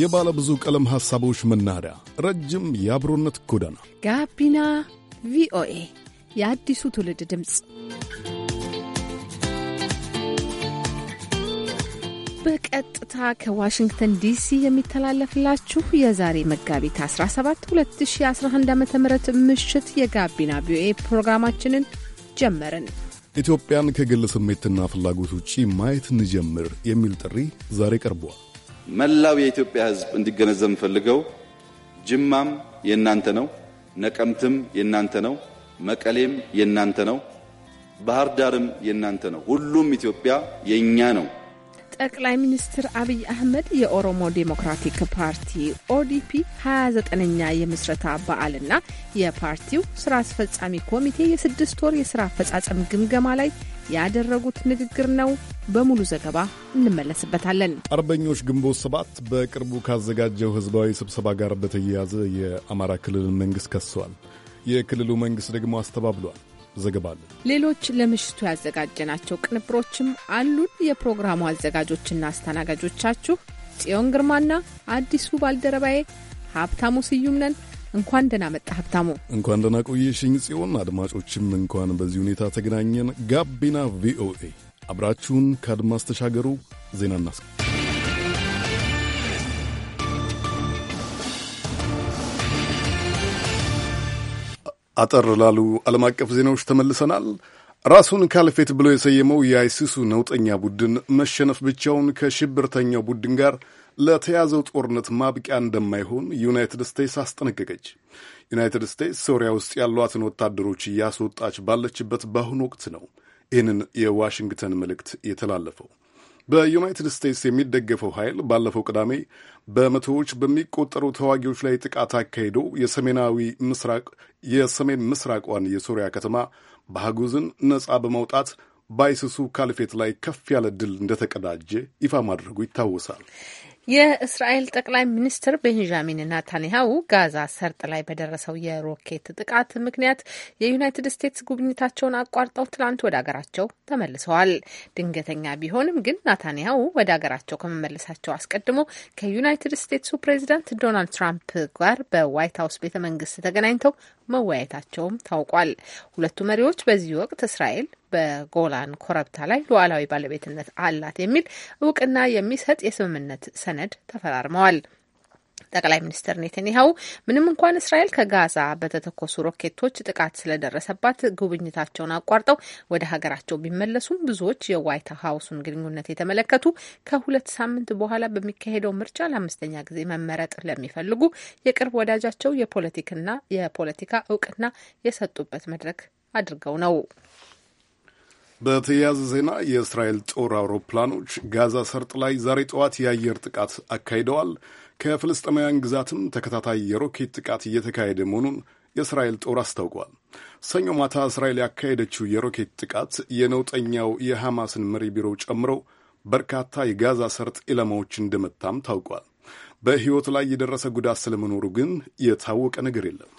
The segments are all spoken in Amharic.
የባለ ብዙ ቀለም ሐሳቦች መናኸሪያ፣ ረጅም የአብሮነት ጎዳና ጋቢና ቪኦኤ የአዲሱ ትውልድ ድምፅ በቀጥታ ከዋሽንግተን ዲሲ የሚተላለፍላችሁ የዛሬ መጋቢት 17 2011 ዓ ም ምሽት የጋቢና ቪኦኤ ፕሮግራማችንን ጀመርን። ኢትዮጵያን ከግል ስሜትና ፍላጎት ውጪ ማየት እንጀምር የሚል ጥሪ ዛሬ ቀርቧል። መላው የኢትዮጵያ ሕዝብ እንዲገነዘብ ፈልገው ጅማም የእናንተ ነው፣ ነቀምትም የእናንተ ነው፣ መቀሌም የእናንተ ነው፣ ባህር ዳርም የእናንተ ነው። ሁሉም ኢትዮጵያ የእኛ ነው። ጠቅላይ ሚኒስትር አብይ አህመድ የኦሮሞ ዴሞክራቲክ ፓርቲ ኦዲፒ 29ኛ የምስረታ በዓልና የፓርቲው ስራ አስፈጻሚ ኮሚቴ የስድስት ወር የስራ አፈጻጸም ግምገማ ላይ ያደረጉት ንግግር ነው። በሙሉ ዘገባ እንመለስበታለን። አርበኞች ግንቦት ሰባት በቅርቡ ካዘጋጀው ህዝባዊ ስብሰባ ጋር በተያያዘ የአማራ ክልል መንግስት ከሰዋል። የክልሉ መንግስት ደግሞ አስተባብሏል። ዘገባ አለን። ሌሎች ለምሽቱ ያዘጋጀናቸው ቅንብሮችም አሉን። የፕሮግራሙ አዘጋጆችና አስተናጋጆቻችሁ ጽዮን ግርማና አዲሱ ባልደረባዬ ሀብታሙ ስዩም ነን። እንኳን ደህና መጣ ሀብታሙ። እንኳን ደህና ቆየሽኝ ጽዮን። አድማጮችም እንኳን በዚህ ሁኔታ ተገናኘን። ጋቢና ቪኦኤ አብራችሁን ከአድማስ ተሻገሩ። ዜና እናስቀ አጠር ላሉ ዓለም አቀፍ ዜናዎች ተመልሰናል። ራሱን ካልፌት ብሎ የሰየመው የአይሲሱ ነውጠኛ ቡድን መሸነፍ ብቻውን ከሽብርተኛው ቡድን ጋር ለተያዘው ጦርነት ማብቂያ እንደማይሆን ዩናይትድ ስቴትስ አስጠነቀቀች። ዩናይትድ ስቴትስ ሶሪያ ውስጥ ያሏትን ወታደሮች እያስወጣች ባለችበት በአሁኑ ወቅት ነው ይህንን የዋሽንግተን መልእክት የተላለፈው። በዩናይትድ ስቴትስ የሚደገፈው ኃይል ባለፈው ቅዳሜ በመቶዎች በሚቆጠሩ ተዋጊዎች ላይ ጥቃት አካሂዶ የሰሜናዊ ምስራቅ የሰሜን ምስራቋን የሶሪያ ከተማ ባጉዝን ነጻ በማውጣት ባይስሱ ካሊፌት ላይ ከፍ ያለ ድል እንደተቀዳጀ ይፋ ማድረጉ ይታወሳል። የእስራኤል ጠቅላይ ሚኒስትር ቤንጃሚን ናታንያሁ ጋዛ ሰርጥ ላይ በደረሰው የሮኬት ጥቃት ምክንያት የዩናይትድ ስቴትስ ጉብኝታቸውን አቋርጠው ትላንት ወደ አገራቸው ተመልሰዋል። ድንገተኛ ቢሆንም ግን ናታንያሁ ወደ አገራቸው ከመመለሳቸው አስቀድሞ ከዩናይትድ ስቴትሱ ፕሬዚዳንት ዶናልድ ትራምፕ ጋር በዋይት ሀውስ ቤተ መንግስት ተገናኝተው መወያየታቸውም ታውቋል። ሁለቱ መሪዎች በዚህ ወቅት እስራኤል በጎላን ኮረብታ ላይ ሉዓላዊ ባለቤትነት አላት የሚል እውቅና የሚሰጥ የስምምነት ሰነድ ተፈራርመዋል። ጠቅላይ ሚኒስትር ኔተንያሁ ምንም እንኳን እስራኤል ከጋዛ በተተኮሱ ሮኬቶች ጥቃት ስለደረሰባት ጉብኝታቸውን አቋርጠው ወደ ሀገራቸው ቢመለሱም ብዙዎች የዋይት ሀውሱን ግንኙነት የተመለከቱ ከሁለት ሳምንት በኋላ በሚካሄደው ምርጫ ለአምስተኛ ጊዜ መመረጥ ለሚፈልጉ የቅርብ ወዳጃቸው የፖለቲክና የፖለቲካ እውቅና የሰጡበት መድረክ አድርገው ነው። በተያያዘ ዜና የእስራኤል ጦር አውሮፕላኖች ጋዛ ሰርጥ ላይ ዛሬ ጠዋት የአየር ጥቃት አካሂደዋል። ከፍልስጤማውያን ግዛትም ተከታታይ የሮኬት ጥቃት እየተካሄደ መሆኑን የእስራኤል ጦር አስታውቋል። ሰኞ ማታ እስራኤል ያካሄደችው የሮኬት ጥቃት የነውጠኛው የሐማስን መሪ ቢሮ ጨምሮ በርካታ የጋዛ ሰርጥ ኢላማዎች እንደመታም ታውቋል። በሕይወት ላይ የደረሰ ጉዳት ስለመኖሩ ግን የታወቀ ነገር የለም።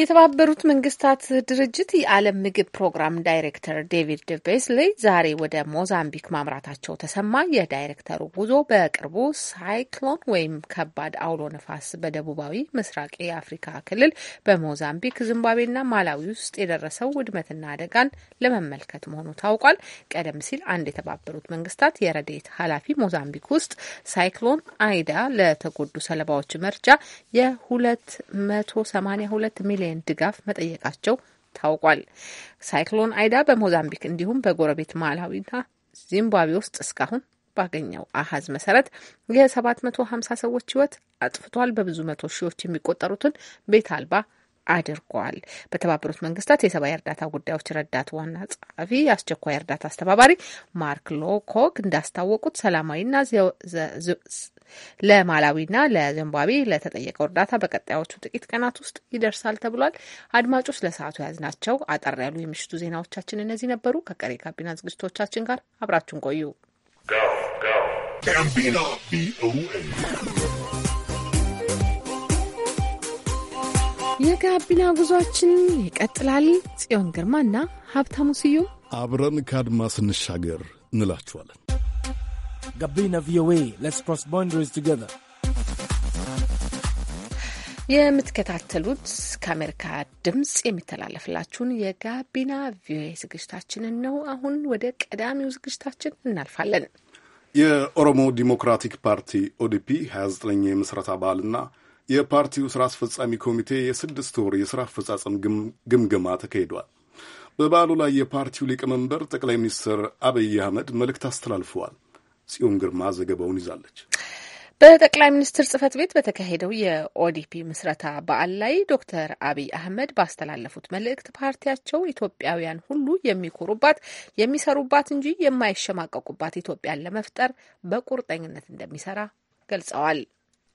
የተባበሩት መንግስታት ድርጅት የዓለም ምግብ ፕሮግራም ዳይሬክተር ዴቪድ ደቤስሌ ዛሬ ወደ ሞዛምቢክ ማምራታቸው ተሰማ። የዳይሬክተሩ ጉዞ በቅርቡ ሳይክሎን ወይም ከባድ አውሎ ነፋስ በደቡባዊ ምስራቅ የአፍሪካ ክልል በሞዛምቢክ፣ ዚምባብዌና ማላዊ ውስጥ የደረሰው ውድመትና አደጋን ለመመልከት መሆኑ ታውቋል። ቀደም ሲል አንድ የተባበሩት መንግስታት የረዴት ኃላፊ ሞዛምቢክ ውስጥ ሳይክሎን አይዳ ለተጎዱ ሰለባዎች መርጃ የ282 ሚሊዮን ሚሊዮን ድጋፍ መጠየቃቸው ታውቋል። ሳይክሎን አይዳ በሞዛምቢክ እንዲሁም በጎረቤት ማላዊና ዚምባብዌ ውስጥ እስካሁን ባገኘው አሀዝ መሰረት የ750 ሰዎች ህይወት አጥፍቷል። በብዙ መቶ ሺዎች የሚቆጠሩትን ቤት አልባ አድርጓል። በተባበሩት መንግስታት የሰብአዊ እርዳታ ጉዳዮች ረዳት ዋና ጸሐፊ አስቸኳይ እርዳታ አስተባባሪ ማርክ ሎኮክ እንዳስታወቁት ሰላማዊና ለማላዊና ለዚምባብዌ ለተጠየቀው እርዳታ በቀጣዮቹ ጥቂት ቀናት ውስጥ ይደርሳል ተብሏል። አድማጮች ለሰዓቱ የያዝናቸው አጠር ያሉ የምሽቱ ዜናዎቻችን እነዚህ ነበሩ። ከቀሪ ካቢና ዝግጅቶቻችን ጋር አብራችሁን ቆዩ። የጋቢና ጉዟችን ይቀጥላል። ጽዮን ግርማና ሀብታሙ ስዩም አብረን ከአድማ ስንሻገር እንላችኋለን። ጋቢና ቪኦኤ ሌትስ ክሮስ ቦንደሪስ ቱጌዘር የምትከታተሉት ከአሜሪካ ድምፅ የሚተላለፍላችሁን የጋቢና ቪኦኤ ዝግጅታችንን ነው። አሁን ወደ ቀዳሚው ዝግጅታችን እናልፋለን። የኦሮሞ ዲሞክራቲክ ፓርቲ ኦዲፒ 29ኛ የምስረታ በዓልና የፓርቲው ስራ አስፈጻሚ ኮሚቴ የስድስት ወር የስራ አፈጻጸም ግምገማ ተካሂዷል። በበዓሉ ላይ የፓርቲው ሊቀመንበር ጠቅላይ ሚኒስትር አብይ አህመድ መልእክት አስተላልፈዋል። ጽዮን ግርማ ዘገባውን ይዛለች። በጠቅላይ ሚኒስትር ጽህፈት ቤት በተካሄደው የኦዲፒ ምስረታ በዓል ላይ ዶክተር አብይ አህመድ ባስተላለፉት መልእክት ፓርቲያቸው ኢትዮጵያውያን ሁሉ የሚኮሩባት የሚሰሩባት እንጂ የማይሸማቀቁባት ኢትዮጵያን ለመፍጠር በቁርጠኝነት እንደሚሰራ ገልጸዋል።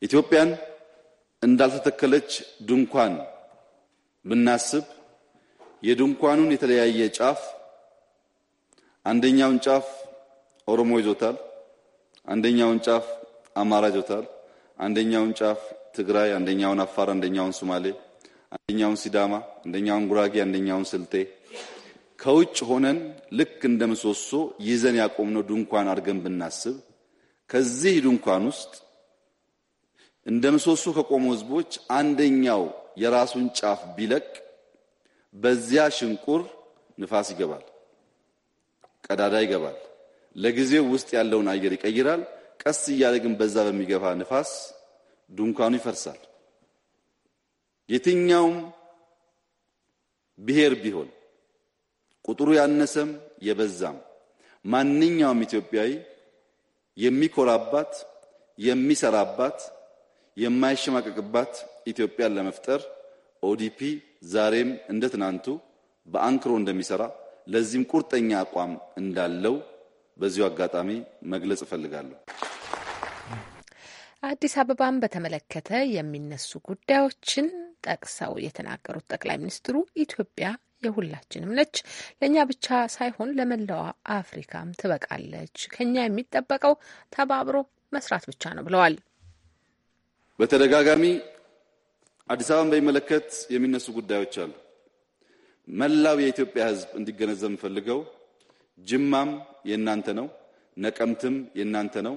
ኢትዮጵያን እንዳልተተከለች ድንኳን ብናስብ የድንኳኑን የተለያየ ጫፍ አንደኛውን ጫፍ ኦሮሞ ይዞታል፣ አንደኛውን ጫፍ አማራ ይዞታል፣ አንደኛውን ጫፍ ትግራይ፣ አንደኛውን አፋር፣ አንደኛውን ሶማሌ፣ አንደኛውን ሲዳማ፣ አንደኛውን ጉራጌ፣ አንደኛውን ስልጤ ከውጭ ሆነን ልክ እንደ ምሰሶ ይዘን ያቆምነው ድንኳን አድርገን ብናስብ ከዚህ ድንኳን ውስጥ እንደ ምሰሶ ከቆሙ ህዝቦች አንደኛው የራሱን ጫፍ ቢለቅ በዚያ ሽንቁር ንፋስ ይገባል፣ ቀዳዳ ይገባል። ለጊዜው ውስጥ ያለውን አየር ይቀይራል። ቀስ እያለ ግን በዛ በሚገባ ንፋስ ድንኳኑ ይፈርሳል። የትኛውም ብሔር ቢሆን ቁጥሩ ያነሰም የበዛም ማንኛውም ኢትዮጵያዊ የሚኮራባት የሚሰራባት የማይሸማቀቅባት ኢትዮጵያን ለመፍጠር ኦዲፒ ዛሬም እንደ ትናንቱ በአንክሮ እንደሚሰራ ለዚህም ቁርጠኛ አቋም እንዳለው በዚሁ አጋጣሚ መግለጽ እፈልጋለሁ። አዲስ አበባን በተመለከተ የሚነሱ ጉዳዮችን ጠቅሰው የተናገሩት ጠቅላይ ሚኒስትሩ ኢትዮጵያ የሁላችንም ነች፣ ለእኛ ብቻ ሳይሆን ለመላዋ አፍሪካም ትበቃለች፣ ከኛ የሚጠበቀው ተባብሮ መስራት ብቻ ነው ብለዋል። በተደጋጋሚ አዲስ አበባን በሚመለከት የሚነሱ ጉዳዮች አሉ። መላው የኢትዮጵያ ሕዝብ እንዲገነዘብ የምፈልገው ጅማም የእናንተ ነው፣ ነቀምትም የእናንተ ነው፣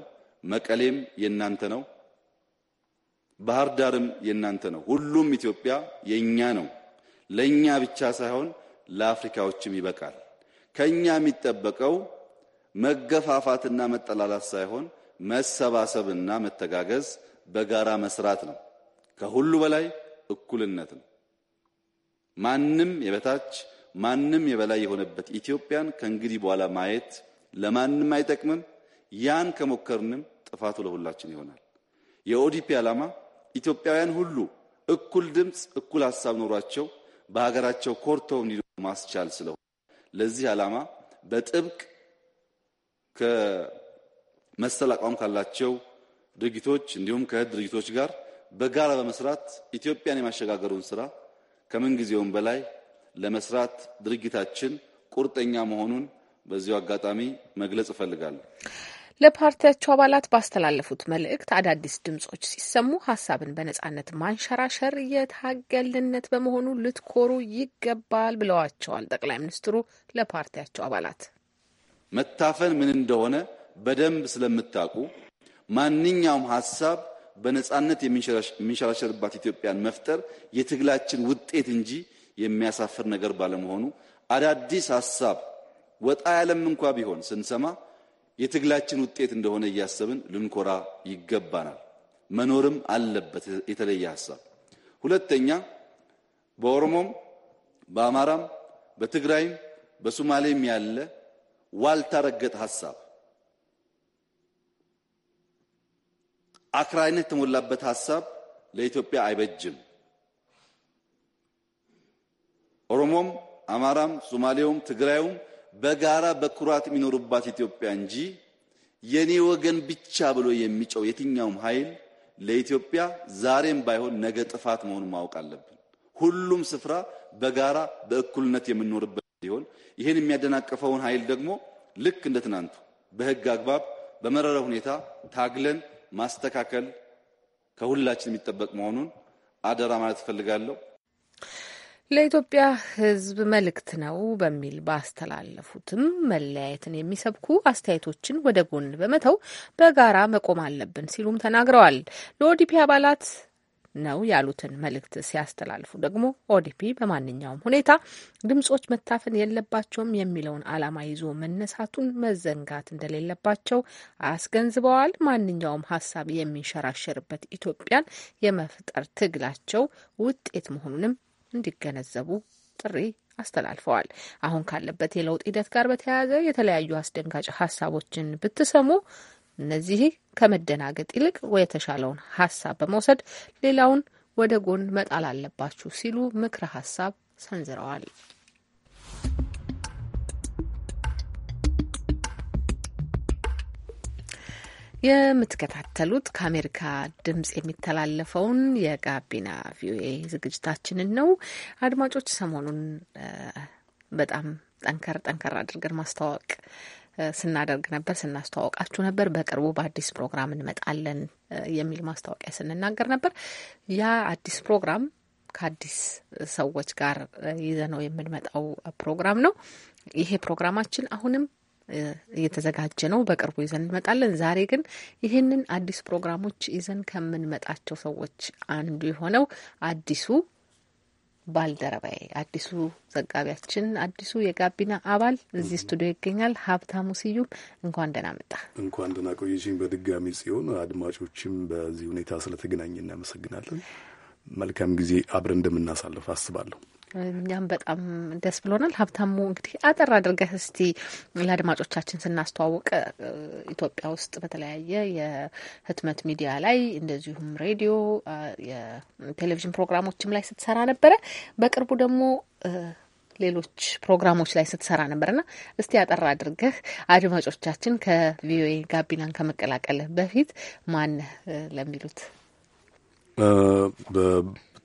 መቀሌም የእናንተ ነው፣ ባህር ዳርም የእናንተ ነው። ሁሉም ኢትዮጵያ የእኛ ነው። ለእኛ ብቻ ሳይሆን ለአፍሪካዎችም ይበቃል። ከእኛ የሚጠበቀው መገፋፋትና መጠላላት ሳይሆን መሰባሰብና መተጋገዝ በጋራ መስራት ነው። ከሁሉ በላይ እኩልነት ነው። ማንም የበታች ማንም የበላይ የሆነበት ኢትዮጵያን ከእንግዲህ በኋላ ማየት ለማንም አይጠቅምም። ያን ከሞከርንም ጥፋቱ ለሁላችን ይሆናል። የኦዲፒ ዓላማ ኢትዮጵያውያን ሁሉ እኩል ድምፅ፣ እኩል ሀሳብ ኖሯቸው በሀገራቸው ኮርተው እንዲ ማስቻል ስለሆነ ለዚህ ዓላማ በጥብቅ ከመሰል አቋም ካላቸው ድርጊቶች እንዲሁም ከእህት ድርጅቶች ጋር በጋራ በመስራት ኢትዮጵያን የማሸጋገሩን ስራ ከምን ጊዜውም በላይ ለመስራት ድርጊታችን ቁርጠኛ መሆኑን በዚሁ አጋጣሚ መግለጽ እፈልጋለሁ። ለፓርቲያቸው አባላት ባስተላለፉት መልእክት አዳዲስ ድምጾች ሲሰሙ ሀሳብን በነጻነት ማንሸራሸር የታገልነት በመሆኑ ልትኮሩ ይገባል ብለዋቸዋል። ጠቅላይ ሚኒስትሩ ለፓርቲያቸው አባላት መታፈን ምን እንደሆነ በደንብ ስለምታውቁ ማንኛውም ሀሳብ በነጻነት የሚንሸራሸርባት ኢትዮጵያን መፍጠር የትግላችን ውጤት እንጂ የሚያሳፍር ነገር ባለመሆኑ አዳዲስ ሀሳብ ወጣ ያለም እንኳ ቢሆን ስንሰማ የትግላችን ውጤት እንደሆነ እያሰብን ልንኮራ ይገባናል። መኖርም አለበት የተለየ ሀሳብ። ሁለተኛ በኦሮሞም በአማራም በትግራይም በሶማሌም ያለ ዋልታ ረገጥ ሀሳብ አክራይነት የተሞላበት ሀሳብ ለኢትዮጵያ አይበጅም። ኦሮሞም፣ አማራም፣ ሶማሌውም ትግራዩም በጋራ በኩራት የሚኖሩባት ኢትዮጵያ እንጂ የኔ ወገን ብቻ ብሎ የሚጨው የትኛውም ኃይል ለኢትዮጵያ ዛሬም ባይሆን ነገ ጥፋት መሆኑን ማወቅ አለብን። ሁሉም ስፍራ በጋራ በእኩልነት የምንኖርበት ሲሆን ይህን የሚያደናቅፈውን ኃይል ደግሞ ልክ እንደ ትናንቱ በሕግ አግባብ በመረረ ሁኔታ ታግለን ማስተካከል ከሁላችን የሚጠበቅ መሆኑን አደራ ማለት እፈልጋለሁ። ለኢትዮጵያ ሕዝብ መልእክት ነው በሚል ባስተላለፉትም መለያየትን የሚሰብኩ አስተያየቶችን ወደ ጎን በመተው በጋራ መቆም አለብን ሲሉም ተናግረዋል። ለኦዲፒ አባላት ነው ያሉትን መልእክት ሲያስተላልፉ ደግሞ ኦዲፒ በማንኛውም ሁኔታ ድምጾች መታፈን የለባቸውም የሚለውን ዓላማ ይዞ መነሳቱን መዘንጋት እንደሌለባቸው አስገንዝበዋል። ማንኛውም ሀሳብ የሚንሸራሸርበት ኢትዮጵያን የመፍጠር ትግላቸው ውጤት መሆኑንም እንዲገነዘቡ ጥሪ አስተላልፈዋል። አሁን ካለበት የለውጥ ሂደት ጋር በተያያዘ የተለያዩ አስደንጋጭ ሀሳቦችን ብትሰሙ እነዚህ ከመደናገጥ ይልቅ የተሻለውን ሀሳብ በመውሰድ ሌላውን ወደ ጎን መጣል አለባችሁ ሲሉ ምክረ ሀሳብ ሰንዝረዋል። የምትከታተሉት ከአሜሪካ ድምጽ የሚተላለፈውን የጋቢና ቪኦኤ ዝግጅታችንን ነው። አድማጮች ሰሞኑን በጣም ጠንከር ጠንከር አድርገን ማስተዋወቅ ስናደርግ ነበር፣ ስናስተዋወቃችሁ ነበር። በቅርቡ በአዲስ ፕሮግራም እንመጣለን የሚል ማስታወቂያ ስንናገር ነበር። ያ አዲስ ፕሮግራም ከአዲስ ሰዎች ጋር ይዘነው የምንመጣው ፕሮግራም ነው። ይሄ ፕሮግራማችን አሁንም እየተዘጋጀ ነው። በቅርቡ ይዘን እንመጣለን። ዛሬ ግን ይህንን አዲስ ፕሮግራሞች ይዘን ከምንመጣቸው ሰዎች አንዱ የሆነው አዲሱ ባልደረባዬ አዲሱ ዘጋቢያችን አዲሱ የጋቢና አባል እዚህ ስቱዲዮ ይገኛል። ሀብታሙ ስዩም እንኳን ደህና መጣ። እንኳን ደህና በድጋሚ ሲሆን አድማጮችም በዚህ ሁኔታ ስለተገናኘ እናመሰግናለን። መልካም ጊዜ አብረን እንደምናሳልፍ አስባለሁ። እኛም በጣም ደስ ብሎናል። ሀብታሙ እንግዲህ አጠር አድርገህ እስቲ ለአድማጮቻችን ስናስተዋውቅ ኢትዮጵያ ውስጥ በተለያየ የህትመት ሚዲያ ላይ እንደዚሁም ሬዲዮ፣ የቴሌቪዥን ፕሮግራሞችም ላይ ስትሰራ ነበረ። በቅርቡ ደግሞ ሌሎች ፕሮግራሞች ላይ ስትሰራ ነበርና እስቲ አጠር አድርገህ አድማጮቻችን ከቪኦኤ ጋቢናን ከመቀላቀልህ በፊት ማን ለሚሉት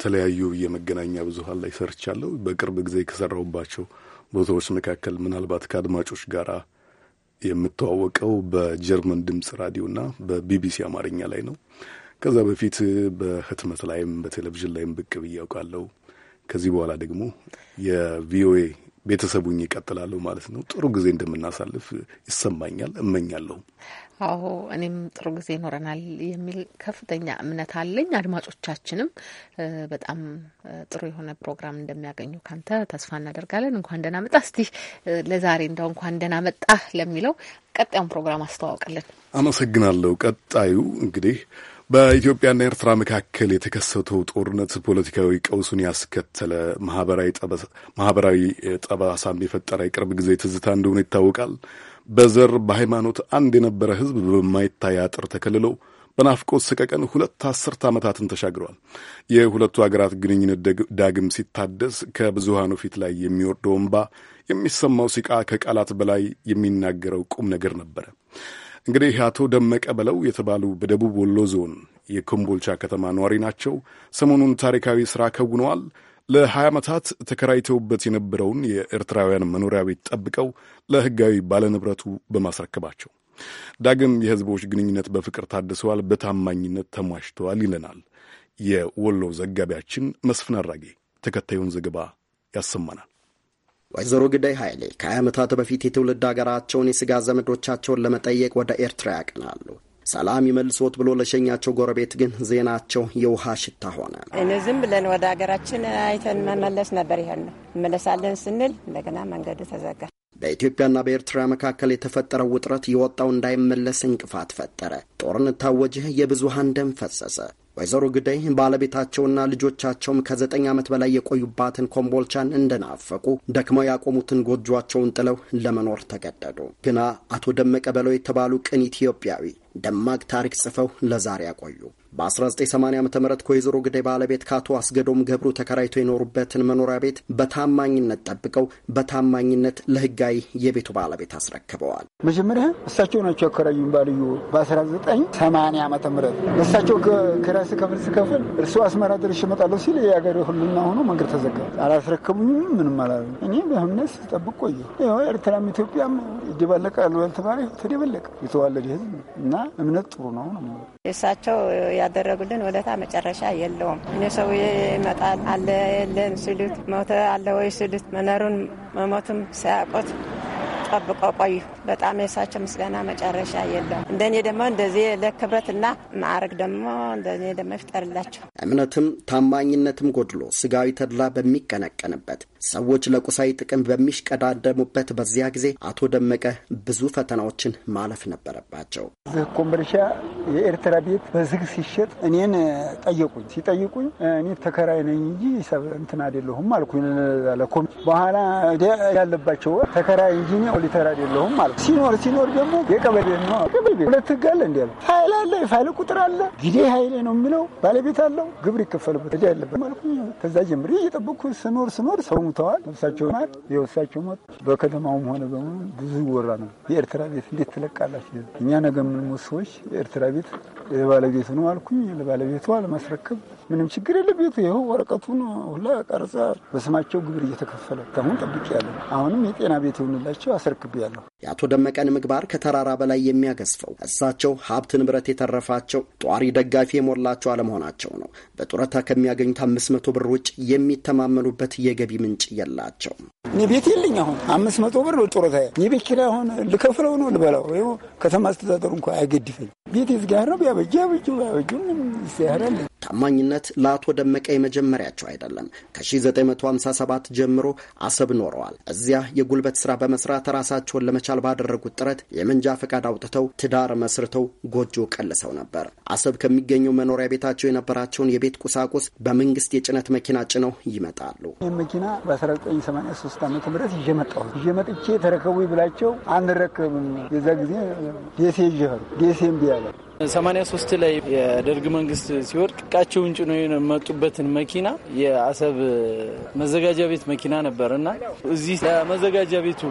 የተለያዩ የመገናኛ ብዙሀን ላይ ሰርቻለሁ። በቅርብ ጊዜ ከሰራሁባቸው ቦታዎች መካከል ምናልባት ከአድማጮች ጋር የምተዋወቀው በጀርመን ድምፅ እና በቢቢሲ አማርኛ ላይ ነው። ከዛ በፊት በህትመት ላይም በቴሌቪዥን ላይም ብቅ ብዬ አውቃለሁ። ከዚህ በኋላ ደግሞ የቪኦኤ ቤተሰቡኝ ይቀጥላለሁ ማለት ነው። ጥሩ ጊዜ እንደምናሳልፍ ይሰማኛል፣ እመኛለሁ። አዎ እኔም ጥሩ ጊዜ ይኖረናል የሚል ከፍተኛ እምነት አለኝ። አድማጮቻችንም በጣም ጥሩ የሆነ ፕሮግራም እንደሚያገኙ ካንተ ተስፋ እናደርጋለን። እንኳን ደህና መጣ። እስቲ ለዛሬ እንደው እንኳን ደህና መጣ ለሚለው ቀጣዩን ፕሮግራም አስተዋውቅልን። አመሰግናለሁ። ቀጣዩ እንግዲህ በኢትዮጵያና ኤርትራ መካከል የተከሰተው ጦርነት ፖለቲካዊ ቀውሱን ያስከተለ ማህበራዊ ጠባሳም የፈጠረ የቅርብ ጊዜ ትዝታ እንደሆነ ይታወቃል። በዘር በሃይማኖት አንድ የነበረ ህዝብ በማይታይ አጥር ተከልሎ በናፍቆት ሰቀቀን ሁለት አስርት ዓመታትን ተሻግረዋል። የሁለቱ ሀገራት ግንኙነት ዳግም ሲታደስ ከብዙሃኑ ፊት ላይ የሚወርደው እንባ፣ የሚሰማው ሲቃ ከቃላት በላይ የሚናገረው ቁም ነገር ነበረ። እንግዲህ አቶ ደመቀ በለው የተባሉ በደቡብ ወሎ ዞን የኮምቦልቻ ከተማ ነዋሪ ናቸው። ሰሞኑን ታሪካዊ ሥራ ከውነዋል። ለሀያ ዓመታት ተከራይተውበት የነበረውን የኤርትራውያን መኖሪያ ቤት ጠብቀው ለሕጋዊ ባለንብረቱ በማስረከባቸው ዳግም የሕዝቦች ግንኙነት በፍቅር ታድሰዋል፣ በታማኝነት ተሟሽተዋል ይለናል የወሎ ዘጋቢያችን መስፍን አራጌ። ተከታዩን ዘገባ ያሰማናል። ወይዘሮ ግዳይ ኃይሌ ከሀያ ዓመታት በፊት የትውልድ ሀገራቸውን የሥጋ ዘመዶቻቸውን ለመጠየቅ ወደ ኤርትራ ያቅናሉ። ሰላም ይመልሶት ብሎ ለሸኛቸው ጎረቤት ግን ዜናቸው የውሃ ሽታ ሆነ። እኔ ዝም ብለን ወደ ሀገራችን አይተን መመለስ ነበር። ይሄን ነው እመለሳለን ስንል እንደገና መንገዱ ተዘጋ። በኢትዮጵያና በኤርትራ መካከል የተፈጠረው ውጥረት የወጣው እንዳይመለስ እንቅፋት ፈጠረ። ጦርነት ታወጀ። የብዙሃን ደም ፈሰሰ። ወይዘሮ ግዳይ ባለቤታቸውና ልጆቻቸውም ከዘጠኝ ዓመት በላይ የቆዩባትን ኮምቦልቻን እንደናፈቁ ደክመው ያቆሙትን ጎጇቸውን ጥለው ለመኖር ተገደዱ። ግና አቶ ደመቀ በለው የተባሉ ቅን ኢትዮጵያዊ ደማቅ ታሪክ ጽፈው ለዛሬ ያቆዩ በ1980 ዓ ም ከወይዘሮ ግዳይ ባለቤት ከአቶ አስገዶም ገብሩ ተከራይቶ የኖሩበትን መኖሪያ ቤት በታማኝነት ጠብቀው በታማኝነት ለህጋዊ የቤቱ ባለቤት አስረክበዋል። መጀመሪያ እሳቸው ናቸው ያከራዩኝ። ባልዩ በ1980 ዓ ም እሳቸው ኪራይ ስከፍል ስከፍል እርሱ አስመራ ድርሽ እመጣለሁ ሲል የአገር ሁሉና ሆኖ መንገድ ተዘጋ። አላስረክቡኝም። ምንም አላ እኔ በህምነት ስጠብቅ ቆየ። ኤርትራም ኢትዮጵያም ይደባለቃሉ ያልተባለ ተደበለቀ። የተዋለደ ህዝብ እና እምነት ጥሩ ነው ነው እሳቸው ያደረጉልን ወለታ መጨረሻ የለውም። እኔ ሰው ይመጣል አለ የለን ሲሉት ሞተ አለ ወይ ሲሉት መኖሩን መሞቱም ሳያውቁት ጠብቆ ቆዩ። በጣም የሳቸው ምስጋና መጨረሻ የለውም። እንደኔ ደግሞ እንደዚህ ለክብረትና ማዕረግ ደግሞ እንደኔ ደግሞ ይፍጠርላቸው። እምነትም ታማኝነትም ጎድሎ ስጋዊ ተድላ በሚቀነቀንበት ሰዎች ለቁሳዊ ጥቅም በሚሽቀዳደሙበት በዚያ ጊዜ አቶ ደመቀ ብዙ ፈተናዎችን ማለፍ ነበረባቸው። ኮምቦልቻ የኤርትራ ቤት በዝግ ሲሸጥ እኔን ጠየቁኝ። ሲጠይቁኝ እኔ ተከራይ ነኝ እንጂ እንትን አይደለሁም አልኩኝ። ለኮም በኋላ ያለባቸው ተከራይ እንጂ ኦዲተር አይደለሁም አልኩ። ሲኖር ሲኖር ደግሞ የቀበሌ ነው ሁለት ህግ አለ እንዲ ያለ ሀይል አለ የፋይል ቁጥር አለ ጊዜ ሀይሌ ነው የሚለው ባለቤት አለው ግብር ይከፈልበት ያለበት አልኩኝ። ከዛ ጀምሬ እየጠበቅኩ ስኖር ስኖር ሰው ሙተዋል፣ ነፍሳቸው ማር የወሳቸው ሞት በከተማውም ሆነ በሙሉ ብዙ ይወራ ነው። የኤርትራ ቤት እንዴት ትለቃላች? እኛ ነገ የምንሞት ሰዎች የኤርትራ ቤት ለባለቤቱ ነው አልኩኝ። ለባለቤቱ አለማስረከብ ምንም ችግር የለ ቤቱ ይኸው ወረቀቱን ሁላ ቀርጻ በስማቸው ግብር እየተከፈለ እስካሁን ጠብቅ ያለሁ አሁንም የጤና ቤት ይሁንላቸው አስረክብ ያለሁ። የአቶ ደመቀን ምግባር ከተራራ በላይ የሚያገዝፈው እሳቸው ሀብት ንብረት የተረፋቸው ጧሪ ደጋፊ የሞላቸው አለመሆናቸው ነው። በጡረታ ከሚያገኙት አምስት መቶ ብር ውጭ የሚተማመኑበት የገቢ ምንጭ የላቸው። እኔ ቤት የለኝ አሁን አምስት መቶ ብር ጡረታ የቤት ኪራይ አሁን ልከፍለው ነው ልበላው። ይኸው ከተማ አስተዳደሩ እንኳ አይገድፈኝ ቤት ዝጋር ነው ቢያበጅ ያበጁ ያበጁ ታማኝነት ጦርነት ለአቶ ደመቀ የመጀመሪያቸው አይደለም። ከ1957 ጀምሮ አሰብ ኖረዋል። እዚያ የጉልበት ስራ በመስራት ራሳቸውን ለመቻል ባደረጉት ጥረት የመንጃ ፈቃድ አውጥተው ትዳር መስርተው ጎጆ ቀልሰው ነበር። አሰብ ከሚገኘው መኖሪያ ቤታቸው የነበራቸውን የቤት ቁሳቁስ በመንግስት የጭነት መኪና ጭነው ይመጣሉ። ይህ መኪና በ1983 ዓ ም ይዤ መጣሁ። ይዤ መጥቼ ተረከቡ ብላቸው አንረከብም የዛ ጊዜ ደሴ ይዤ ሄዱ ደሴ እምቢ አለ ሰማንያ ሶስት ላይ የደርግ መንግስት ሲወድቅ እቃቸውን ጭኖ የመጡበትን መኪና የአሰብ መዘጋጃ ቤት መኪና ነበር እና እዚህ ለመዘጋጃ ቤቱ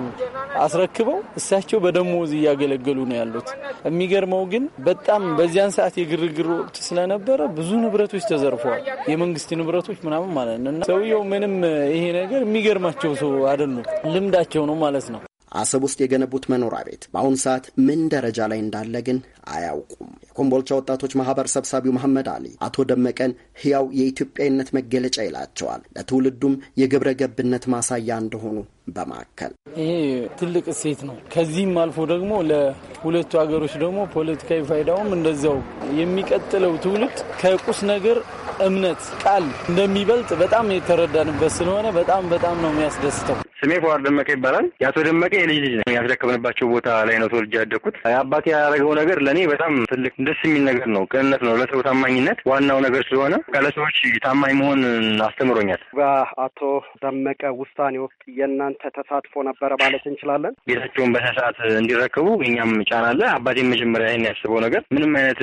አስረክበው እሳቸው በደሞዝ እያገለገሉ ነው ያሉት። የሚገርመው ግን በጣም በዚያን ሰዓት የግርግር ወቅት ስለነበረ ብዙ ንብረቶች ተዘርፈዋል። የመንግስት ንብረቶች ምናምን ማለት ነው ሰውየው ምንም ይሄ ነገር የሚገርማቸው ሰው አይደሉም። ልምዳቸው ነው ማለት ነው። አሰብ ውስጥ የገነቡት መኖሪያ ቤት በአሁኑ ሰዓት ምን ደረጃ ላይ እንዳለ ግን አያውቁም። የኮምቦልቻ ወጣቶች ማህበር ሰብሳቢው መሐመድ አሊ አቶ ደመቀን ህያው የኢትዮጵያዊነት መገለጫ ይላቸዋል። ለትውልዱም የግብረ ገብነት ማሳያ እንደሆኑ በማከል ይሄ ትልቅ እሴት ነው። ከዚህም አልፎ ደግሞ ለሁለቱ ሀገሮች ደግሞ ፖለቲካዊ ፋይዳውም እንደዚያው የሚቀጥለው ትውልድ ከቁስ ነገር እምነት፣ ቃል እንደሚበልጥ በጣም የተረዳንበት ስለሆነ በጣም በጣም ነው የሚያስደስተው። ስሜ ፈዋር ደመቀ ይባላል። የአቶ ደመቀ የልጅ ልጅ ነው። ያስደከምንባቸው ቦታ ላይ ነው ተወልጄ ያደግኩት። አባቴ ያደረገው ነገር ለእኔ በጣም ትልቅ ደስ የሚል ነገር ነው። ቅንነት ነው፣ ለሰው ታማኝነት ዋናው ነገር ስለሆነ ለሰዎች ታማኝ መሆን አስተምሮኛል። በአቶ ደመቀ ውሳኔ ውስጥ የእናንተ ተሳትፎ ነበረ ማለት እንችላለን። ቤታቸውን በሰዓት እንዲረከቡ እኛም ጫና አለ። አባቴን መጀመሪያ ይህን ያስበው ነገር ምንም አይነት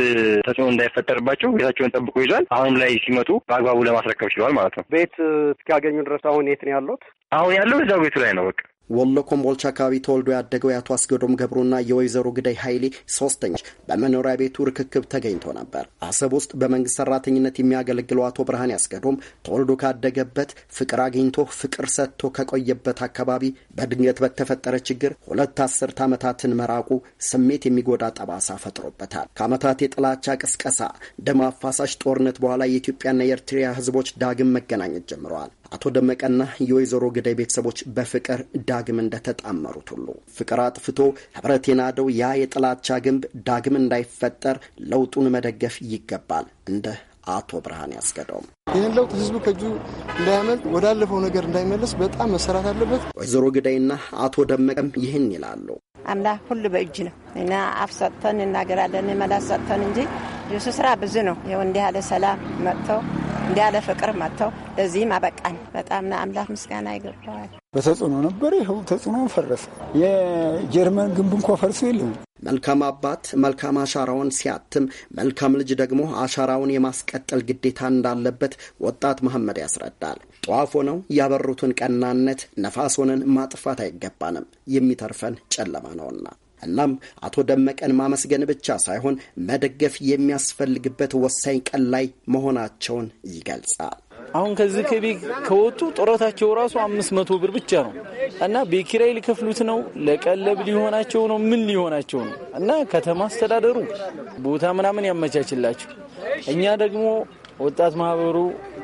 ተጽዕኖ እንዳይፈጠርባቸው ቤታቸውን ጠብቆ ይዟል። አሁንም ላይ ሲመጡ በአግባቡ ለማስረከብ ችለዋል ማለት ነው። ቤት እስኪያገኙ ድረስ አሁን የት ነው ያሉት? አሁን ያለው እዛው ኩዌት ላይ ነው በቃ ወሎ ኮምቦልቻ አካባቢ ተወልዶ ያደገው የአቶ አስገዶም ገብሩና የወይዘሮ ግዳይ ኃይሌ ሶስተኞች በመኖሪያ ቤቱ ርክክብ ተገኝቶ ነበር። አሰብ ውስጥ በመንግስት ሰራተኝነት የሚያገለግለው አቶ ብርሃን ያስገዶም ተወልዶ ካደገበት ፍቅር አግኝቶ ፍቅር ሰጥቶ ከቆየበት አካባቢ በድንገት በተፈጠረ ችግር ሁለት አስርት ዓመታትን መራቁ ስሜት የሚጎዳ ጠባሳ ፈጥሮበታል። ከዓመታት የጥላቻ ቅስቀሳ፣ ደም አፋሳሽ ጦርነት በኋላ የኢትዮጵያና የኤርትሪያ ህዝቦች ዳግም መገናኘት ጀምረዋል። አቶ ደመቀና የወይዘሮ ግዳይ ቤተሰቦች በፍቅር ዳግም እንደተጣመሩት ሁሉ ፍቅር አጥፍቶ ህብረት የናደው ያ የጥላቻ ግንብ ዳግም እንዳይፈጠር ለውጡን መደገፍ ይገባል። እንደ አቶ ብርሃን ያስገደውም ይህን ለውጥ ህዝቡ ከእጁ እንዳያመልጥ ወዳለፈው ነገር እንዳይመለስ በጣም መሰራት አለበት። ወይዘሮ ግዳይና አቶ ደመቀም ይህን ይላሉ። አምላክ ሁሉ በእጅ ነው እና አፍ ሰጥተን እናገራለን መላስ ሰጥተን እንጂ ስራ ብዙ ነው። ይኸው እንዲህ ያለ ሰላም መጥተው እንዲያለ ፍቅር መጥተው ለዚህም አበቃን። በጣም አምላክ ምስጋና ይገባዋል። በተጽዕኖ ነበር። ይኸው ተጽዕኖ ፈረሰ። የጀርመን ግንብ እንኳ ፈርሶ የለም። መልካም አባት መልካም አሻራውን ሲያትም መልካም ልጅ ደግሞ አሻራውን የማስቀጠል ግዴታ እንዳለበት ወጣት መሐመድ ያስረዳል። ጠዋፍ ሆነው ያበሩትን ቀናነት ነፋስ ሆነን ማጥፋት አይገባንም፣ የሚተርፈን ጨለማ ነውና እናም አቶ ደመቀን ማመስገን ብቻ ሳይሆን መደገፍ የሚያስፈልግበት ወሳኝ ቀን ላይ መሆናቸውን ይገልጻል። አሁን ከዚህ ከቤት ከወጡ ጡረታቸው ራሱ አምስት መቶ ብር ብቻ ነው እና ቤኪራይ ሊከፍሉት ነው፣ ለቀለብ ሊሆናቸው ነው፣ ምን ሊሆናቸው ነው እና ከተማ አስተዳደሩ ቦታ ምናምን ያመቻችላቸው። እኛ ደግሞ ወጣት ማህበሩ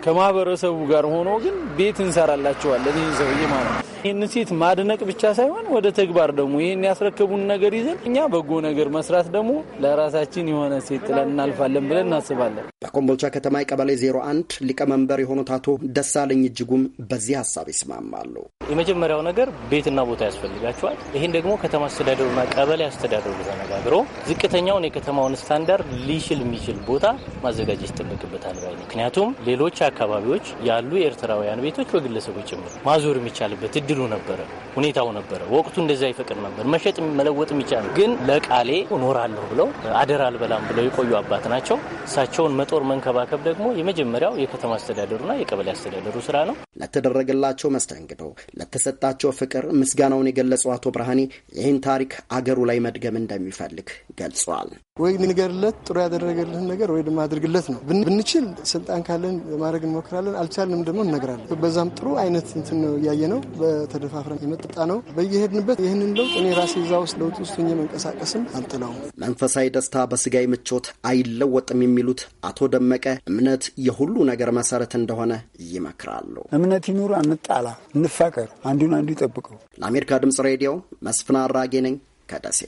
ከማህበረሰቡ ጋር ሆኖ ግን ቤት እንሰራላቸዋለን። ይህን ሰውዬ ማለት ነው ይህን ሴት ማድነቅ ብቻ ሳይሆን ወደ ተግባር ደግሞ ይህን ያስረከቡን ነገር ይዘን እኛ በጎ ነገር መስራት ደግሞ ለራሳችን የሆነ ሴት ጥለን እናልፋለን ብለን እናስባለን። በኮምቦልቻ ከተማ ቀበሌ 01 ሊቀመንበር የሆኑት አቶ ደሳለኝ እጅጉም በዚህ ሀሳብ ይስማማሉ። የመጀመሪያው ነገር ቤትና ቦታ ያስፈልጋቸዋል። ይህን ደግሞ ከተማ አስተዳደሩና ቀበሌ አስተዳደሩ ተነጋግሮ ዝቅተኛውን የከተማውን ስታንዳርድ ሊችል የሚችል ቦታ ማዘጋጀት ይጠበቅበታል ባይ ምክንያቱም ሌሎች አካባቢዎች ያሉ የኤርትራውያን ቤቶች በግለሰቦች ጭምር ማዞር የሚቻልበት እድል እድሉ ነበረ። ሁኔታው ነበረ። ወቅቱ እንደዚያ ይፈቅድ ነበር። መሸጥ መለወጥ የሚቻል ግን ለቃሌ እኖራለሁ ብለው አደራ አልበላም ብለው የቆዩ አባት ናቸው። እሳቸውን መጦር መንከባከብ ደግሞ የመጀመሪያው የከተማ አስተዳደሩና የቀበሌ አስተዳደሩ ስራ ነው። ለተደረገላቸው መስተንግዶ፣ ለተሰጣቸው ፍቅር ምስጋናውን የገለጸው አቶ ብርሃኔ ይህን ታሪክ አገሩ ላይ መድገም እንደሚፈልግ ገልጿል። ወይ ንገርለት ጥሩ ያደረገልህን ነገር ወይ ድማ አድርግለት ነው። ብንችል ስልጣን ካለን ማድረግ እንሞክራለን፣ አልቻልንም ደግሞ እነግራለን። በዛም ጥሩ አይነት እንትን እያየ ነው በተደፋፍረን የመጣ ያመጣ ነው። በየሄድንበት ይህንን ለውጥ እኔ ራሴ እዛ ውስጥ ለውጥ ውስጥ ሁኜ መንቀሳቀስም አልጥለውም። መንፈሳዊ ደስታ በስጋዊ ምቾት አይለወጥም የሚሉት አቶ ደመቀ እምነት የሁሉ ነገር መሰረት እንደሆነ ይመክራሉ። እምነት ይኑር፣ አንጣላ፣ እንፋቀር፣ አንዱን አንዱ ይጠብቀው። ለአሜሪካ ድምጽ ሬዲዮ መስፍን አራጌ ነኝ ከደሴ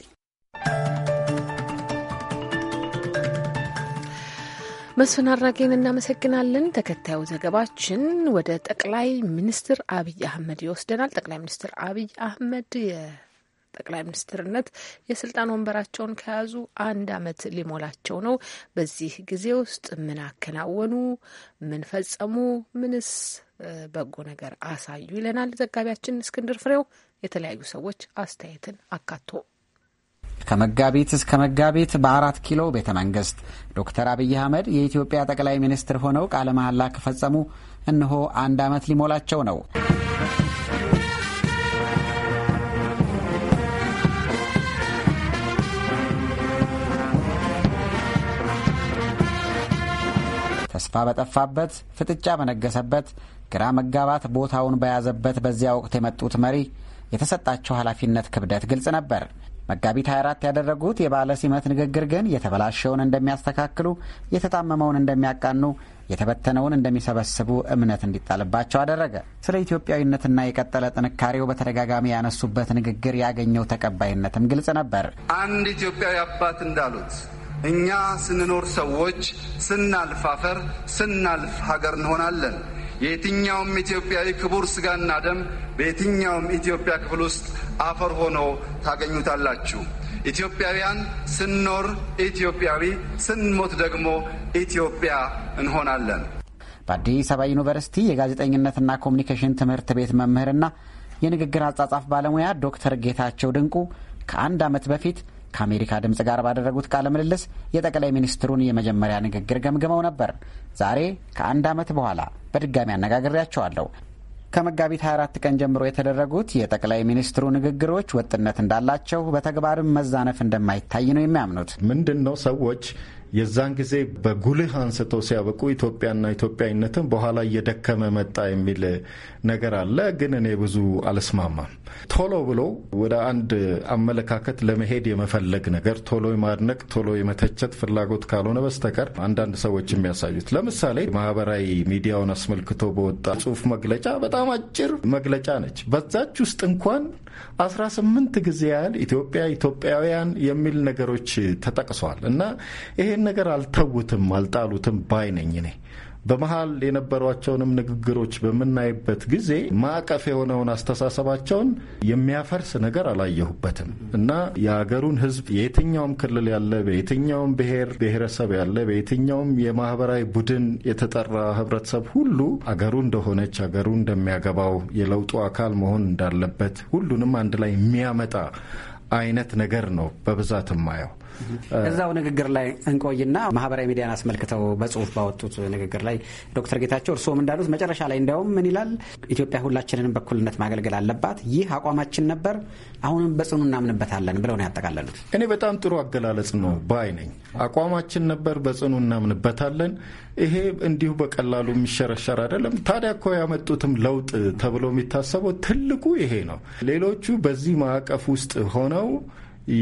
መስፍን አራጌን እናመሰግናለን። ተከታዩ ዘገባችን ወደ ጠቅላይ ሚኒስትር አብይ አህመድ ይወስደናል። ጠቅላይ ሚኒስትር አብይ አህመድ ጠቅላይ ሚኒስትርነት የስልጣን ወንበራቸውን ከያዙ አንድ ዓመት ሊሞላቸው ነው። በዚህ ጊዜ ውስጥ ምን አከናወኑ? ምን ፈጸሙ? ምንስ በጎ ነገር አሳዩ? ይለናል ዘጋቢያችን እስክንድር ፍሬው የተለያዩ ሰዎች አስተያየትን አካቶ ከመጋቢት እስከ መጋቢት በአራት ኪሎ ቤተ መንግስት ዶክተር አብይ አህመድ የኢትዮጵያ ጠቅላይ ሚኒስትር ሆነው ቃለ መሐላ ከፈጸሙ እነሆ አንድ ዓመት ሊሞላቸው ነው። ተስፋ በጠፋበት፣ ፍጥጫ በነገሰበት፣ ግራ መጋባት ቦታውን በያዘበት በዚያ ወቅት የመጡት መሪ የተሰጣቸው ኃላፊነት ክብደት ግልጽ ነበር። መጋቢት 24 ያደረጉት የባለ ሲመት ንግግር ግን የተበላሸውን እንደሚያስተካክሉ፣ የተጣመመውን እንደሚያቃኑ፣ የተበተነውን እንደሚሰበስቡ እምነት እንዲጣልባቸው አደረገ። ስለ ኢትዮጵያዊነትና የቀጠለ ጥንካሬው በተደጋጋሚ ያነሱበት ንግግር ያገኘው ተቀባይነትም ግልጽ ነበር። አንድ ኢትዮጵያዊ አባት እንዳሉት እኛ ስንኖር ሰዎች፣ ስናልፍ አፈር፣ ስናልፍ ሀገር እንሆናለን የየትኛውም ኢትዮጵያዊ ክቡር ስጋና ደም በየትኛውም ኢትዮጵያ ክፍል ውስጥ አፈር ሆኖ ታገኙታላችሁ። ኢትዮጵያውያን ስንኖር ኢትዮጵያዊ፣ ስንሞት ደግሞ ኢትዮጵያ እንሆናለን። በአዲስ አበባ ዩኒቨርሲቲ የጋዜጠኝነትና ኮሚኒኬሽን ትምህርት ቤት መምህርና የንግግር አጻጻፍ ባለሙያ ዶክተር ጌታቸው ድንቁ ከአንድ ዓመት በፊት ከአሜሪካ ድምፅ ጋር ባደረጉት ቃለ ምልልስ የጠቅላይ ሚኒስትሩን የመጀመሪያ ንግግር ገምግመው ነበር። ዛሬ ከአንድ ዓመት በኋላ በድጋሚ አነጋግሬያቸዋለሁ። ከመጋቢት 24 ቀን ጀምሮ የተደረጉት የጠቅላይ ሚኒስትሩ ንግግሮች ወጥነት እንዳላቸው፣ በተግባርም መዛነፍ እንደማይታይ ነው የሚያምኑት። ምንድን ነው ሰዎች የዛን ጊዜ በጉልህ አንስተው ሲያበቁ ኢትዮጵያና ኢትዮጵያዊነትን በኋላ እየደከመ መጣ የሚል ነገር አለ። ግን እኔ ብዙ አልስማማም። ቶሎ ብሎ ወደ አንድ አመለካከት ለመሄድ የመፈለግ ነገር፣ ቶሎ የማድነቅ ቶሎ የመተቸት ፍላጎት ካልሆነ በስተቀር አንዳንድ ሰዎች የሚያሳዩት ለምሳሌ ማህበራዊ ሚዲያውን አስመልክቶ በወጣ ጽሁፍ መግለጫ በጣም አጭር መግለጫ ነች። በዛች ውስጥ እንኳን አስራ ስምንት ጊዜ ያህል ኢትዮጵያ ኢትዮጵያውያን የሚል ነገሮች ተጠቅሷል እና ይሄን ነገር አልተውትም አልጣሉትም ባይ ነኝ እኔ። በመሀል የነበሯቸውንም ንግግሮች በምናይበት ጊዜ ማዕቀፍ የሆነውን አስተሳሰባቸውን የሚያፈርስ ነገር አላየሁበትም እና የአገሩን ሕዝብ የትኛውም ክልል ያለ በየትኛውም ብሔር ብሔረሰብ ያለ በየትኛውም የማህበራዊ ቡድን የተጠራ ህብረተሰብ ሁሉ አገሩ እንደሆነች አገሩ እንደሚያገባው የለውጡ አካል መሆን እንዳለበት ሁሉንም አንድ ላይ የሚያመጣ አይነት ነገር ነው በብዛት የማየው። እዛው ንግግር ላይ እንቆይና ማህበራዊ ሚዲያን አስመልክተው በጽሁፍ ባወጡት ንግግር ላይ ዶክተር ጌታቸው እርስዎም እንዳሉት መጨረሻ ላይ እንዲያውም ምን ይላል ኢትዮጵያ ሁላችንንም በኩልነት ማገልገል አለባት። ይህ አቋማችን ነበር፣ አሁንም በጽኑ እናምንበታለን ብለው ነው ያጠቃለሉት። እኔ በጣም ጥሩ አገላለጽ ነው ባይ ነኝ። አቋማችን ነበር፣ በጽኑ እናምንበታለን። ይሄ እንዲሁ በቀላሉ የሚሸረሸር አይደለም። ታዲያ እኮ ያመጡትም ለውጥ ተብሎ የሚታሰበው ትልቁ ይሄ ነው። ሌሎቹ በዚህ ማዕቀፍ ውስጥ ሆነው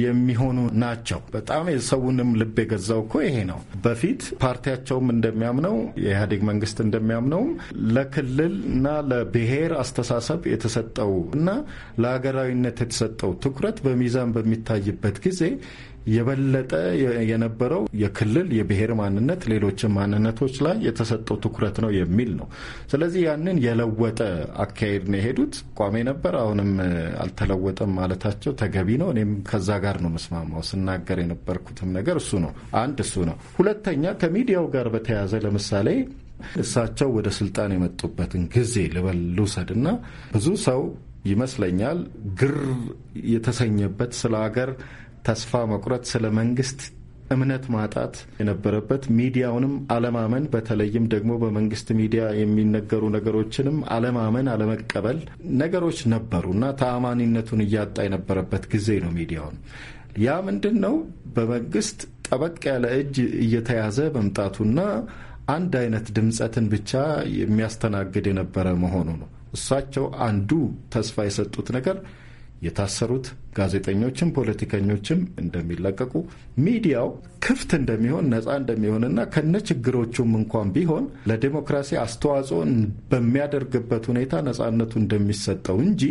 የሚሆኑ ናቸው። በጣም የሰውንም ልብ የገዛው እኮ ይሄ ነው። በፊት ፓርቲያቸውም እንደሚያምነው የኢህአዴግ መንግስት እንደሚያምነውም ለክልልና ለብሔር አስተሳሰብ የተሰጠው እና ለሀገራዊነት የተሰጠው ትኩረት በሚዛን በሚታይበት ጊዜ የበለጠ የነበረው የክልል የብሔር ማንነት፣ ሌሎችን ማንነቶች ላይ የተሰጠው ትኩረት ነው የሚል ነው። ስለዚህ ያንን የለወጠ አካሄድ ነው የሄዱት። ቋሜ ነበር አሁንም አልተለወጠም ማለታቸው ተገቢ ነው። እኔም ከዛ ጋር ነው መስማማው። ስናገር የነበርኩትም ነገር እሱ ነው። አንድ እሱ ነው። ሁለተኛ ከሚዲያው ጋር በተያያዘ ለምሳሌ እሳቸው ወደ ስልጣን የመጡበትን ጊዜ ልበልውሰድ ልውሰድና ብዙ ሰው ይመስለኛል ግር የተሰኘበት ስለ ሀገር ተስፋ መቁረጥ፣ ስለ መንግስት እምነት ማጣት የነበረበት ሚዲያውንም አለማመን፣ በተለይም ደግሞ በመንግስት ሚዲያ የሚነገሩ ነገሮችንም አለማመን፣ አለመቀበል ነገሮች ነበሩ እና ተአማኒነቱን እያጣ የነበረበት ጊዜ ነው ሚዲያውን ያ ምንድን ነው በመንግስት ጠበቅ ያለ እጅ እየተያዘ መምጣቱና አንድ አይነት ድምፀትን ብቻ የሚያስተናግድ የነበረ መሆኑ ነው። እሳቸው አንዱ ተስፋ የሰጡት ነገር የታሰሩት ጋዜጠኞችም ፖለቲከኞችም እንደሚለቀቁ ሚዲያው ክፍት እንደሚሆን ነፃ እንደሚሆንና ከነ ችግሮቹም እንኳን ቢሆን ለዴሞክራሲ አስተዋጽኦ በሚያደርግበት ሁኔታ ነፃነቱ እንደሚሰጠው እንጂ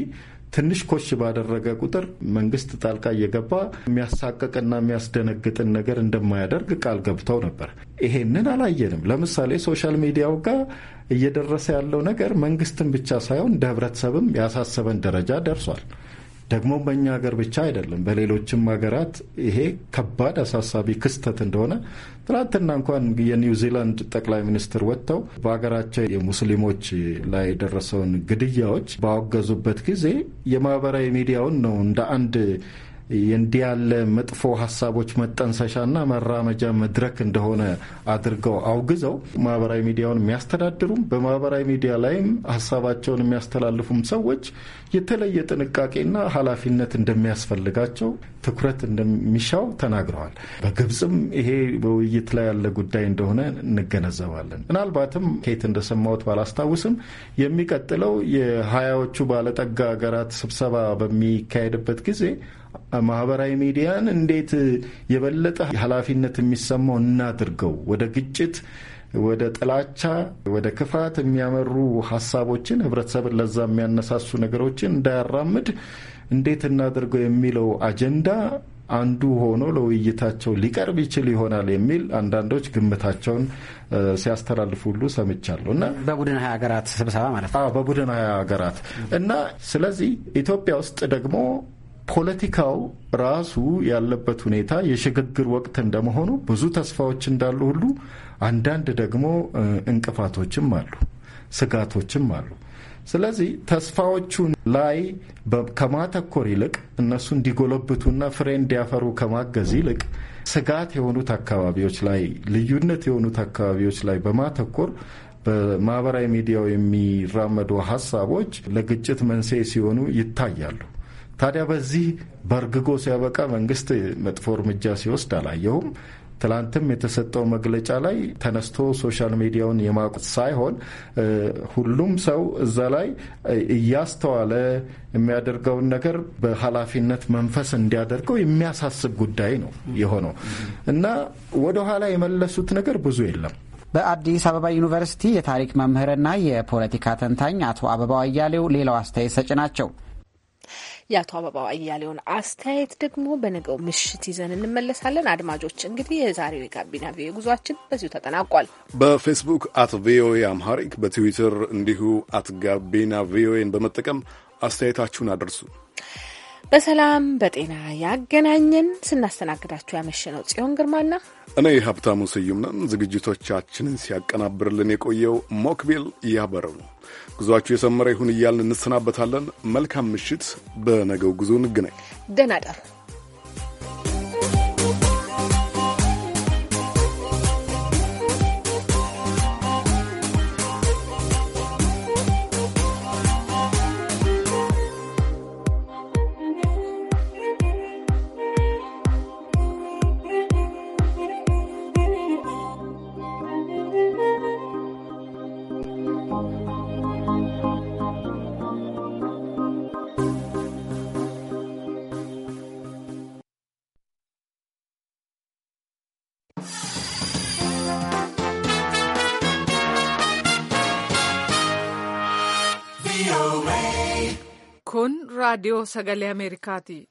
ትንሽ ኮሽ ባደረገ ቁጥር መንግስት ጣልቃ እየገባ የሚያሳቀቅና የሚያስደነግጥን ነገር እንደማያደርግ ቃል ገብተው ነበር። ይሄንን አላየንም። ለምሳሌ ሶሻል ሚዲያው ጋር እየደረሰ ያለው ነገር መንግስትን ብቻ ሳይሆን እንደ ህብረተሰብም ያሳሰበን ደረጃ ደርሷል። ደግሞ በእኛ ሀገር ብቻ አይደለም፣ በሌሎችም ሀገራት ይሄ ከባድ አሳሳቢ ክስተት እንደሆነ ትናንትና እንኳን የኒውዚላንድ ጠቅላይ ሚኒስትር ወጥተው በሀገራቸው የሙስሊሞች ላይ የደረሰውን ግድያዎች ባወገዙበት ጊዜ የማህበራዊ ሚዲያውን ነው እንደ አንድ እንዲህ ያለ መጥፎ ሀሳቦች መጠንሰሻና መራመጃ መድረክ እንደሆነ አድርገው አውግዘው ማህበራዊ ሚዲያውን የሚያስተዳድሩም በማህበራዊ ሚዲያ ላይም ሀሳባቸውን የሚያስተላልፉም ሰዎች የተለየ ጥንቃቄና ኃላፊነት እንደሚያስፈልጋቸው ትኩረት እንደሚሻው ተናግረዋል። በግብፅም ይሄ በውይይት ላይ ያለ ጉዳይ እንደሆነ እንገነዘባለን። ምናልባትም ከየት እንደሰማሁት ባላስታውስም የሚቀጥለው የሀያዎቹ ባለጠጋ ሀገራት ስብሰባ በሚካሄድበት ጊዜ ማህበራዊ ሚዲያን እንዴት የበለጠ ኃላፊነት የሚሰማው እናድርገው ወደ ግጭት ወደ ጥላቻ፣ ወደ ክፋት የሚያመሩ ሀሳቦችን ህብረተሰብን ለዛ የሚያነሳሱ ነገሮችን እንዳያራምድ እንዴት እናድርገው የሚለው አጀንዳ አንዱ ሆኖ ለውይይታቸው ሊቀርብ ይችል ይሆናል የሚል አንዳንዶች ግምታቸውን ሲያስተላልፉ ሁሉ ሰምቻለሁ እና በቡድን ሀያ ሀገራት ስብሰባ ማለት ነው። በቡድን ሀያ ሀገራት እና ስለዚህ ኢትዮጵያ ውስጥ ደግሞ ፖለቲካው ራሱ ያለበት ሁኔታ የሽግግር ወቅት እንደመሆኑ ብዙ ተስፋዎች እንዳሉ ሁሉ አንዳንድ ደግሞ እንቅፋቶችም አሉ፣ ስጋቶችም አሉ። ስለዚህ ተስፋዎቹ ላይ ከማተኮር ይልቅ እነሱ እንዲጎለብቱና ፍሬ እንዲያፈሩ ከማገዝ ይልቅ ስጋት የሆኑት አካባቢዎች ላይ ልዩነት የሆኑት አካባቢዎች ላይ በማተኮር በማህበራዊ ሚዲያው የሚራመዱ ሀሳቦች ለግጭት መንስኤ ሲሆኑ ይታያሉ። ታዲያ በዚህ በርግጎ ሲያበቃ መንግስት መጥፎ እርምጃ ሲወስድ አላየሁም። ትላንትም የተሰጠው መግለጫ ላይ ተነስቶ ሶሻል ሚዲያውን የማቁት ሳይሆን ሁሉም ሰው እዛ ላይ እያስተዋለ የሚያደርገውን ነገር በኃላፊነት መንፈስ እንዲያደርገው የሚያሳስብ ጉዳይ ነው የሆነው እና ወደኋላ የመለሱት ነገር ብዙ የለም። በአዲስ አበባ ዩኒቨርሲቲ የታሪክ መምህርና የፖለቲካ ተንታኝ አቶ አበባው አያሌው ሌላው አስተያየት ሰጭ ናቸው። የአቶ አበባው አያሌውን አስተያየት ደግሞ በነገው ምሽት ይዘን እንመለሳለን። አድማጮች እንግዲህ የዛሬው የጋቢና ቪኦኤ ጉዟችን በዚሁ ተጠናቋል። በፌስቡክ አት ቪኦኤ አምሃሪክ፣ በትዊተር እንዲሁ አት ጋቢና ቪኦኤን በመጠቀም አስተያየታችሁን አድርሱ። በሰላም በጤና ያገናኘን። ስናስተናግዳችሁ ያመሸነው ጽዮን ግርማና እኔ ሀብታሙ ስዩም ነን። ዝግጅቶቻችንን ሲያቀናብርልን የቆየው ሞክቢል እያበረው ነው። ጉዟችሁ የሰመረ ይሁን እያልን እንሰናበታለን። መልካም ምሽት። በነገው ጉዞ እንገናኝ። ደህና እደሩ። रेडियो सगले अमेरिका ती